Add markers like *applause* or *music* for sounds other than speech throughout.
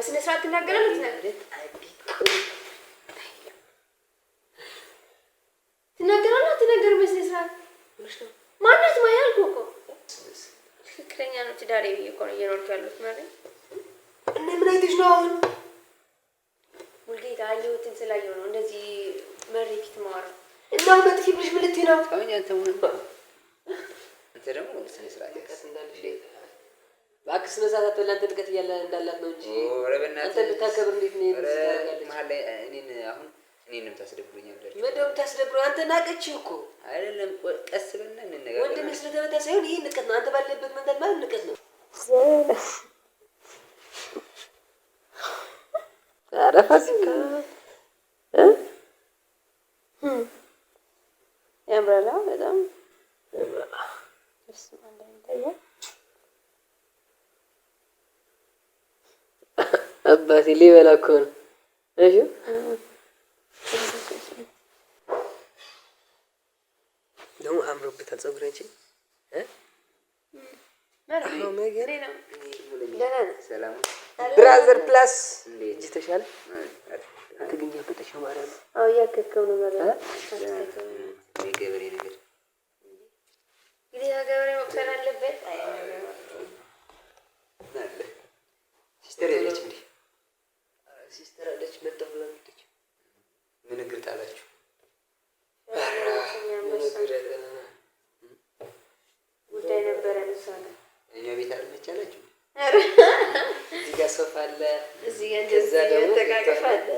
በስነ ስርዓት ትናገራለህ። ትናገራለህ ትናገር በስነ ስርዓት ማናት ማያ አልኩህ እኮ ትክክለኛ ነው። ትዳሬ ብዬ እኮ ነው እየኖርኩ ያሉት ማለት እና ምን አይተሽ ነው አሁን? ሙልጌታ አየሁትን ስላየሁ ነው እንደዚህ ፊት ማወራው እና በጥፊ ብልሽ ምልት ምን ልትይ ነው? አንተ ደግሞ ስነ ስርዓት እባክህ ስነ ስርዓት አትበላ። አንተ ንቀት እያለ እንዳላት ነው እንጂ አንተ እንድታከብር እንዴት ነው መሀል እኔን አሁን እኔንም ታስደብሩኛል። ምንድነው ታስደብሩ? አንተ ናቀችህ እኮ አይደለም። ቀስ ብለን እንነጋገር። ወንድም ስለተመታ ሳይሆን ይሄ ንቀት ነው። አንተ ባለበት መምታት ማለት ንቀት ነው። ኧረ ፋሲካ ያምራል በጣም አባቴ ሊበላ እኮ ነው። እሺ ደግሞ አምሮበታል ፀጉር እንጂ ብራዘር ፕላስ እጅ ተሻለ ትግኛ በጠሻ ማለት ነው እያከከው ነው ገበሬ ሲስተር ያለች ሲስተር አለች መጣሁ ብላለች። ምን እግር ጣላችሁ? ጉዳይ ነበረ እኛ ቤት አልመች አላችሁ። እዚህ ሶፋ አለ፣ ደግሞ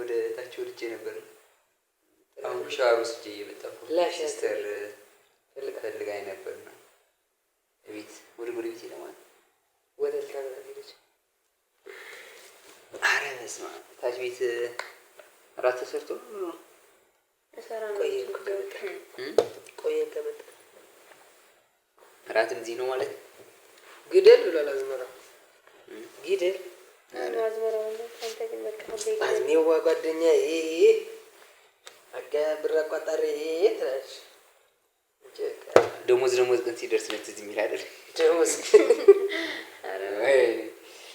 ወደ ታች ነበር። አሁን ሻወር እየመጣሁ ሲስተር ፈልጋኝ ነበር ነው ቤት ወደ ለማለት ወደ ስራ ሄደች። አረ በስመ አብ ታች ቤት እራት ተሰርቶ ቆየ። ከመጣ እራትም እዚህ ነው ማለት ግደል ብሏል አዝመራ ግደል አዝሜዋ ጓደኛ ይሄ አጋ ብር አቋጣሪ ይሄ ትላለች ደሞዝ ደሞዝ ቀን ሲደርስ ነው ትዝ የሚል አይደል? ደሞዝ *laughs*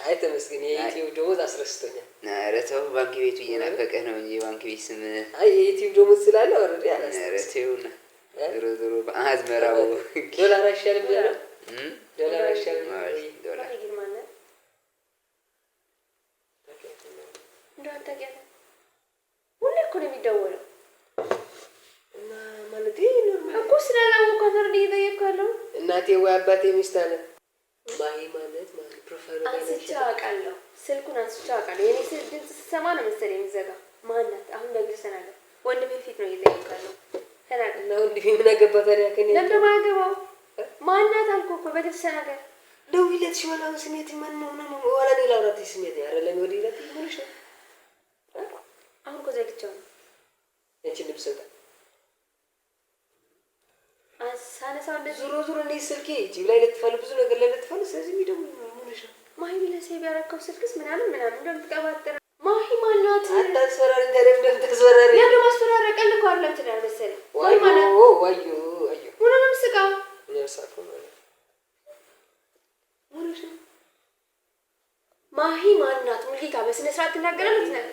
አይ ተመስገን የኢትዮ ደሞዝ አስረስቶኛል። ኧረ ተው ባንክ ቤቱ እየናፈቀ ነው እንጂ ባንክ ቤት ስም አይ የኢትዮ ደሞዝ ስላለ ኦልሬዲ አላስተውና ዞሮ ዞሮ አዝመራው ዶላር አይሻልም *laughs* ነው ዶላር አይሻልም ዶላር እንደው አንተ ሁሌ እኮ ነው የሚደወለው ነገር እየጠየቅኩ ያለው እናቴ ወይ አባቴ ሚስት አለ ማሂ ማለት ማለት ፕሮፋይሉ አንስቼ አውቃለሁ። ስልኩን አንስቼ አውቃለሁ። የኔ ስልክ ድምፅ ስሰማ ነው መሰለኝ የሚዘጋ ማናት አሁን ነገር ሰናለ ወንድሜ ፊት ነው እየጠየቅኩ ያለው ተናገር እና ወንድሜ ምን አገባህ ታዲያ ከኔ ለምን ማገባው ማናት አልኩህ እኮ በደብሰ ነገር ደውይለት ሲሆናው ስሜት ማን ነው ነው ነው ሌላ ላውራት ስሜት ያረ ወዲህ ወዲለት ምን ይችላል አሁን እኮ ዘግቼው ነው እቺ ልብስ ሰጣ ታስታለች። ዙሮ ዙሮ እኔ ስልኬ ጅብ ላይ ለጥፋሉ፣ ብዙ ነገር ላይ ለጥፋሉ። ስለዚህ የሚደውል ሙሉሻ ማሂ ለሴብ ያረከው ስልክስ ምናምን ምናምን እንደምትቀባጥር ማሂ ማናት አታስፈራሪ፣ እንደም እንደምታስፈራሪ ያ ደግሞ አስፈራሪ ቀል እኮ አለም ትዳር መሰለ ወይ ማለት ወዩ ወዩ ሙሉ ነው ምስቃው ያሳፈ ሙሉሻ ማሂ ማናት ሙሉካ በስነ ስርዓት ትናገራለች ነው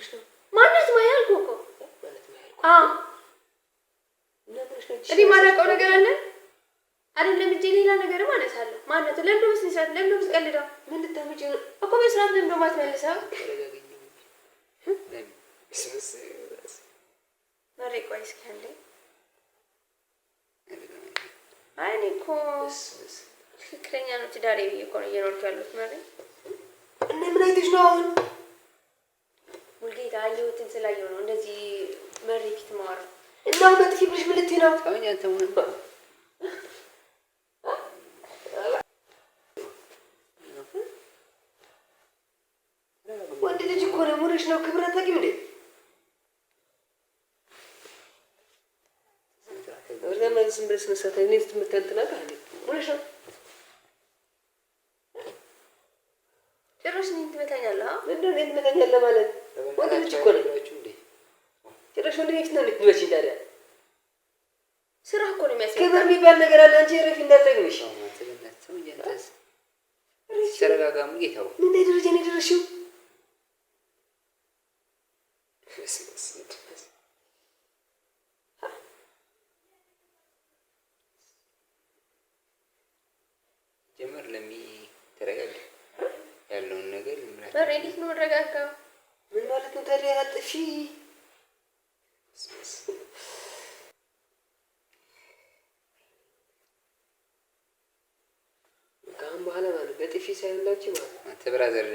ብለሽ ነው ማነት ማያ አልኩህ እኮ እኔ ማላውቀው ነገር አለ አይደለም እንጂ ሌላ ነገር ማለት አለ ማለት ለምዶ በስነ ስርዓት ለምዶ ብትቀልደው ምን ልታመጪ ነው እኮ በስርዓት ለምዶ ማትመልሰው መሬ ቆይ እስኪ አንዴ አይ እኔ እኮ ትክክለኛ ነው ትዳሬ ብዬ እኮ ነው እየኖርኩ ያሉት መሬ እና ምን አይተሽ ነው አሁን ሙልጌታ አየሁትን ስላየሁ ነው እንደዚህ መሬት ማወራው እና መጥፊ ብልሽ ምን ልትይ ነው? ወንድ ልጅ እኮ ነው ሙልሽ ነው ክብር አታውቂም እንዴ? ዝም ብለሽ መሳታ እኔ ስትምተንትና ሙልሽ ነው ጭራሽ እኔን ትመታኛለህ? ምንድን ነው እኔን ትመታኛለህ ማለት ወደ ቤት ነው ልትመጪ ታዲያ? ስራ እኮ ነው የሚያስፈልግ። ክብር የሚባል ነገር አለ። አንቺ ረፊ እንዳትረግምሽ። ተረጋጋሙ። ጌታው ምን ላይ ደረጃ ነው የደረሽው? ጀመር ለሚ ተረጋጋ። ያለውን ነገር ምን ነው? ተረጋጋ ምን ማለት ነው? ታዲያ አጥፊ ምናምን በኋላ ማለት በጥፊ ሳይሆንላችሁ ማለት አንተ ብራዘር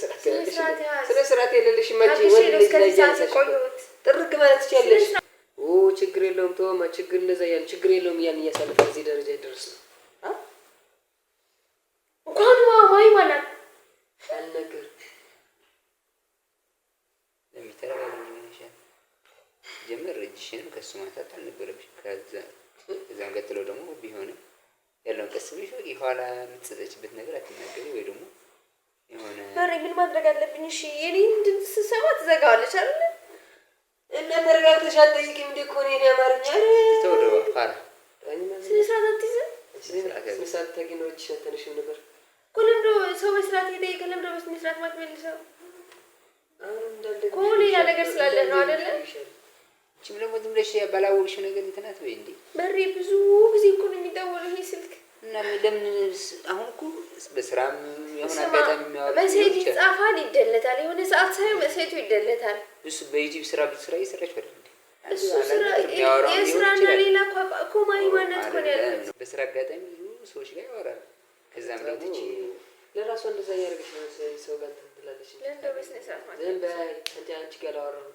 ስነ ስርዓት የሌለሽ ማች ወንድ ልጅ ላይ ጥርግ ማለት ትችያለሽ። ችግር የለውም ተወማ፣ ችግር እንደዛ ያን ችግር የለውም ያን እያሳለፈ እዚህ ደረጃ ይደርስ ነው እንኳን ማይ ማለት አልነገር ለሚተረባ ጀምር እጅሽንም ከሱ ማንሳት አልነበረብሽ ከዛ እዛን ቀጥሎ ደግሞ ቢሆንም ያለውን ቀስ ብለሽ የኋላ የምትሰጠችበት ነገር አትናገሪ ወይ ደግሞ የሆነ በር ምን ማድረግ አለብኝ? እሺ የኔን ድምፅ ስሰማ ትዘጋዋለች አይደል? እና ተረጋግተሽ አትጠይቂም እንዴ? እኮ እኔ አማርኛ ተወደዋ ፋራ ስነ ነበር እኮ ለምዶ ሰው በስርዓት የጠየቀ ለምዶ በስነ ማትመልሰው አሁን እኮ ሌላ ነገር ስላለ ነው አይደለም። ችም ደግሞ ዝም ብለሽ ባላወቅሽው ነገር እንትናት ወይ እንዴ። በሬ ብዙ ጊዜ እኮ ነው የሚደወለው ይሄ ስልክ እና ለምን አሁን እኮ በስራም የሆነ አጋጣሚ የሚያወ መሴጅ ይጻፋል፣ ይደለታል። የሆነ ሰዓት ሳይ መሴጁ ይደለታል። እሱ በዩቲብ ስራ ብዙ ስራ እየሰራች ወደ እሱ ስራ የስራና ሌላ እኮ ማይማነት እኮ ያለ በስራ አጋጣሚ ብዙ ሰዎች ጋር ያወራል። ከዛም ደግሞ ለራሷ እንደዛ እያደረገች ነው ሰው ጋር ትላለች። ለእንደ በስነ ስርዓት ማለት ነው። አንቺ ጋር ላወራ ነው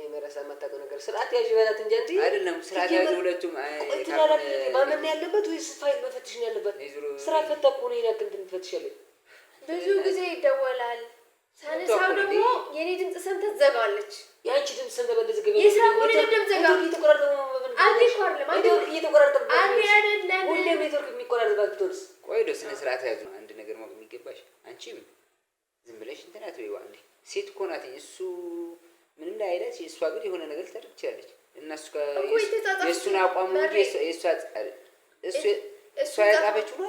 የመረሳ የማታውቀው ነገር ስርዓት ያዥ በላት እንጂ አንቺ አይደለም። ስርዓት ያዥ ሁለቱም ማመን ያለበት ወይስ ፋይል መፈትሽ ነው ያለበት? ስራ ፈታ እኮ ነው ይላል። እንትን ትፈትሻለች። ብዙ ጊዜ ይደወላል። ሳነሳው ደግሞ የኔ ድምጽ ሰምተህ ትዘጋዋለች። የአንቺ ድምጽ ሰምተህ በእንደዚህ ገበያ የስራ ኮሌ ደም ዘጋ እየተቆራረጠ አንዴ ኮርለም አንዴ እየተቆራረጠ አንዴ አይደለም ሁሌ ኔትወርክ የሚቆራረጥባት ብትሆንስ? ቆይ ደው ስነ ስርዓት ያዙ አንድ ነገር ማወቅ የሚገባሽ አንቺም ዝም ብለሽ እንትን አትበይዋ። አንዴ ሴት እኮ ናት እሱ ምንም ላይ አይደል። የእሷ ግን የሆነ ነገር ተደርቻለች እና የእሱን አቋም እሷ ያጻፈችው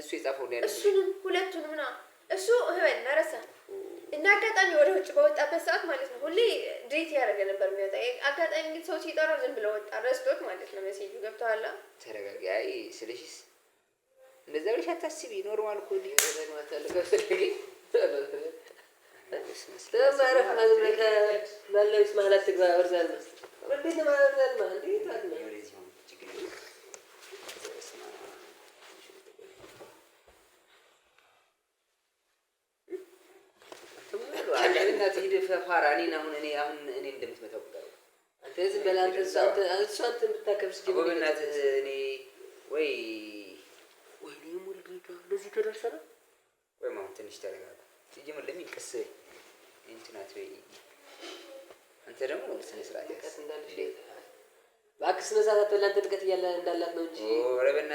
እሱ የጻፈው ላይ እሱንም ሁለቱንም ና እሱ ህበን ረሳ እና አጋጣሚ ወደ ውጭ በወጣበት ሰዓት ማለት ነው ሁሌ ድሬት ያደረገ ነበር የሚወጣ። አጋጣሚ ግን ሰው ሲጠራ ዝም ብለው ወጣ፣ ረስቶት ማለት ነው። መሴጁ ገብተዋለ። ተረጋጊ። አይ ስለሽስ እንደዛ ብለሽ አታስቢ። ኖርማል ኮዲ ወይ ወይኔ ሙሉ ቤቷ እንደዚህ ተደርሰናል። ወይ ማሁን ትንሽ ተረጋጋ። ሲጀምር ለሚቀስል ናት ወይ? አንተ ደግሞ ስነ ስርዓት ያዝ። እባክህ ስነ ስርዓት አትበል። አንተ ንቀት እያለ እንዳላት ነው እንጂ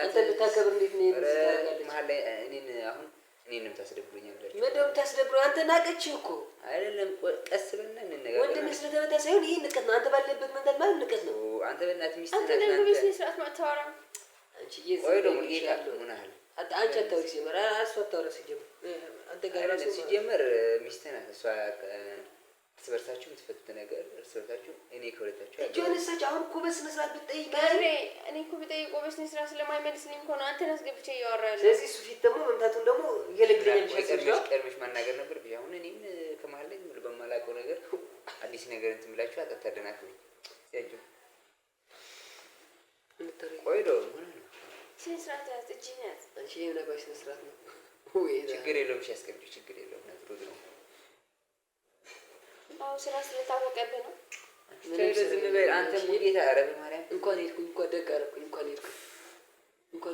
አንተ ልታከብር እንዴት ነው መሀል ላይ እኔን አሁን እኔንም ታስደብሩኛል። መደብ ታስደብሩ። አንተ ናቀች እኮ አይደለም። ቀስ ብለን እንነጋገር። ወንድምህ ስለተመታ ሳይሆን ይህ ንቀት ነው። አንተ ባለበት መንታት ማለት ንቀት ነው። አንተ በእናትህ ሚስት ናት። ስነ ስርዓት ማታወራ አንቺ ይዝ ወይ ደግሞ ይሄ ምን አለ አንቺ አታወሪ ሲጀመር እሱ አታወራ ሲጀመር አንተ ጋር ሲጀመር ሚስትህ ናት እሷ እርስ በርሳችሁ የምትፈቱት ነገር እርስ በርሳችሁ እኔ ከሁለታችሁ አሁን እኮ በስነ ስርዓት ብትጠይቅ እኔ እኮ በስነ ስርዓት ስለማይመልስልኝ እኮ ነው አንተን አስገብቼ እያወራ ያለ። ስለዚህ እሱ ፊት ደግሞ መምታቱን ደግሞ እየለግለኛል። ማናገር ነበር አሁን እኔም ከመሀል ላይ በማላውቀው ነገር አዲስ ነገር እንትን ብላችሁ አጠታደናት ምን ነው ስነስርዓት ያዝ፣ እጅህን ያዝ። አንቺ እኔ ምን አባሽ ስነስርዓት ነው። ችግር የለውም እሺ፣ አስገብጪው፣ ችግር የለውም። ነግሮት ነው። አዎ ስራ ስለታወቀብህ ነው። እንኳን ሄድኩኝ፣ እንኳን ደግ አደረኩኝ፣ እንኳን ሄድኩኝ፣ እንኳን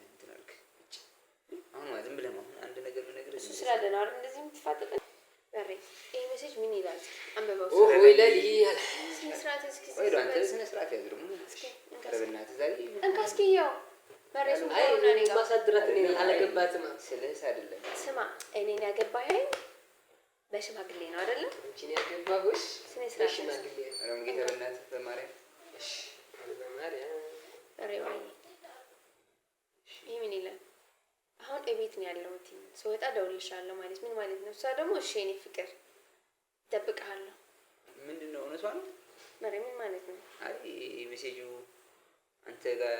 አሁን ዝም ብለህ አሁን አንድ ነገር ነገር እሱ ስላለ ነው አይደል እንደዚህ የምትፋጠጠ በሬ ይሄ ሜሴጅ ምን ይላል? አንበባው ወይ ያው ስማ እኔን ያገባኸኝ በሽማግሌ ነው አይደለ? እቺን ያገባሁሽ ስነ ነው እንግዲህ በእናትህ በማርያም በማርያም ቤት ነው ያለሁት። ስወጣ እደውልልሻለሁ ማለት ምን ማለት ነው? እሷ ደግሞ እሺ የእኔ ፍቅር እጠብቅሃለሁ። ምንድን ነው እውነቷ ነው? ኧረ ምን ማለት ነው? አይ ሜሴጁ አንተ ጋር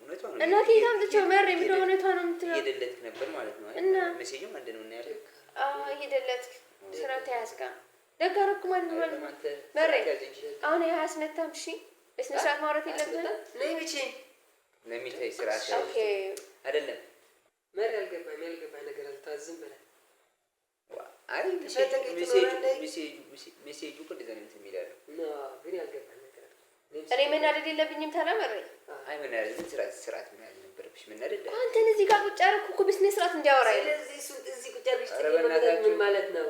እውነቷ ነው። እናቴ ታምጥቼው መሬ ምን እውነቷ ነው የምትለው እየደለትክ ነበር ማለት ነው። እና ሜሴጁ አንድ ነው ያለክ? ያልክ እየደለትክ ስራ ተያዝ ጋር ደግ አደረኩ ማለት ነው። መሬ አሁን ያህ አስነታም እሺ በስነ ስርዓት ማውራት የለብህም ለሚቼ ለሚታይ ስርዓት አይደለም መሪ ያልገባኝ ያልገባ ነገር አልታዝም ብለህ ሜሴጁ እኮ እንደዛ ነው የሚል ያለው ግን ያልገባ እኔ መናደድ የለብኝም። ተናመረ አይ መናደድ ግን ስርዓት ስርዓት ምን ያህል ነበረብሽ መናደድ። አንተን እዚህ ጋር ቁጭ አደረኩ እኮ ቢዝነስ ስርዓት እንዲያወራ ስለዚህ ማለት ነው?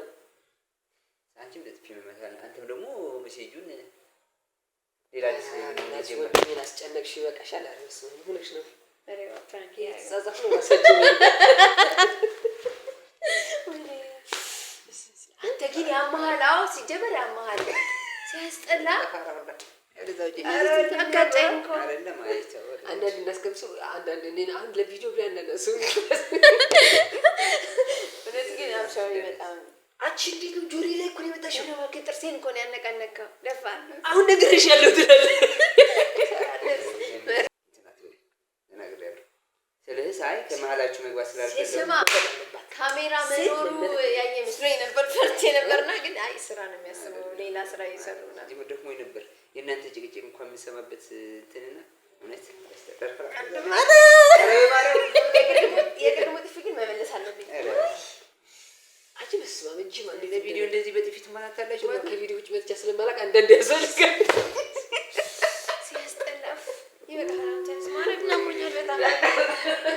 አንቺም ጥፊ መመታል አንተም ደግሞ መሴጁን ሌላ ስ ዲስ አስጨነቅሽ። ይበቃሻል። አረ ስማ ሆነሽ ነው they were አንተ ግን ያመሃል። አዎ ሲጀመር ያመሃል፣ ሲያስጠላ አንዳንድ እናስገብሱ አንዳንድ አሁን ለቪዲዮ ብላ አንቺ እንዴት ነው ጆሮዬ ላይ እኮ ነው የመጣሽው። ጥርሴን እኮ ነው ያነቃነቀው። ደፋ አሁን ትላለህ ስለዚህ አይ ከመሀላችሁ መግባት ስላልፈለጉ ካሜራ መኖሩ ያየ መስሎኝ ነበር፣ ፈርቼ ነበርና ግን አይ ስራ ነው የሚያስበው ሌላ ስራ እየሰሩ ነው። ደግሞ ነበር የእናንተ ጭቅጭቅ እንኳን የምሰማበት እንትንና እውነት የቅድሞ ጥፊ ግን መመለስ አለብኝ። አጅ መስማም እጅ ማለት ለቪዲዮ እንደዚህ በጥፊ ትመታታላችሁ። ከቪዲዮ ውጭ መጥቻ ስለማላውቅ አንዳንድ ያዘልጋል ሲያስጠላፍ ይበቃል። también.